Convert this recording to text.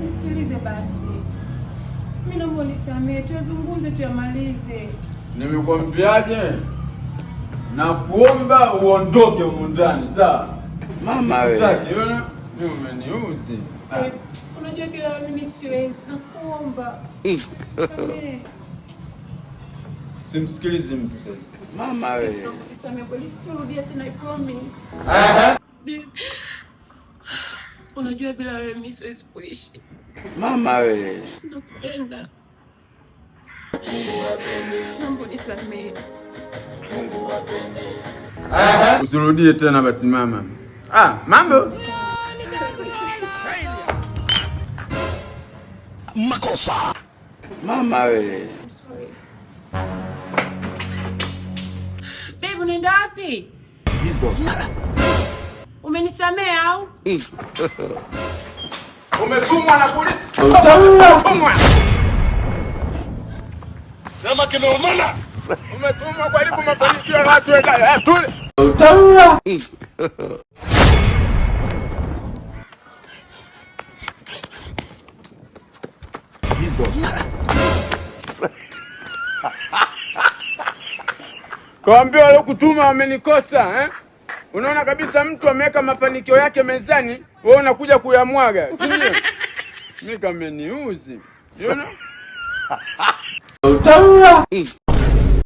nisikilize basi, mimi naomba unisamehe, tuyazungumze, tuyamalize. Nimekwambiaje? Nakuomba uondoke huko ndani, sawa mama? Wewe Sitaki, umeniuzi, eh, unajua kila mimi siwezi, nakuomba mm. Simsikilize mtu sasa. Mama wewe. Nakusamehe, bali turudia tena, I promise. Unajua bila wewe mimi siwezi kuishi. Mama we. Nakupenda. Mungu apende. Mungu nisamehe. Mungu apende. Ah, usirudie tena basi mama. Ah, mambo. Makosa. Mama we. Babe, unaenda wapi? Jesus. Umenisamea? au? Mm. Umetumwa na kulipa. Sema kimeumana. Umetumwa kwa mafanikio ya watu ya Utaua. wamenikosa eh? Unaona kabisa mtu ameweka mafanikio yake mezani, wewe unakuja kuyamwaga, si ndio? Mimi kameniuzi, Unaona? know?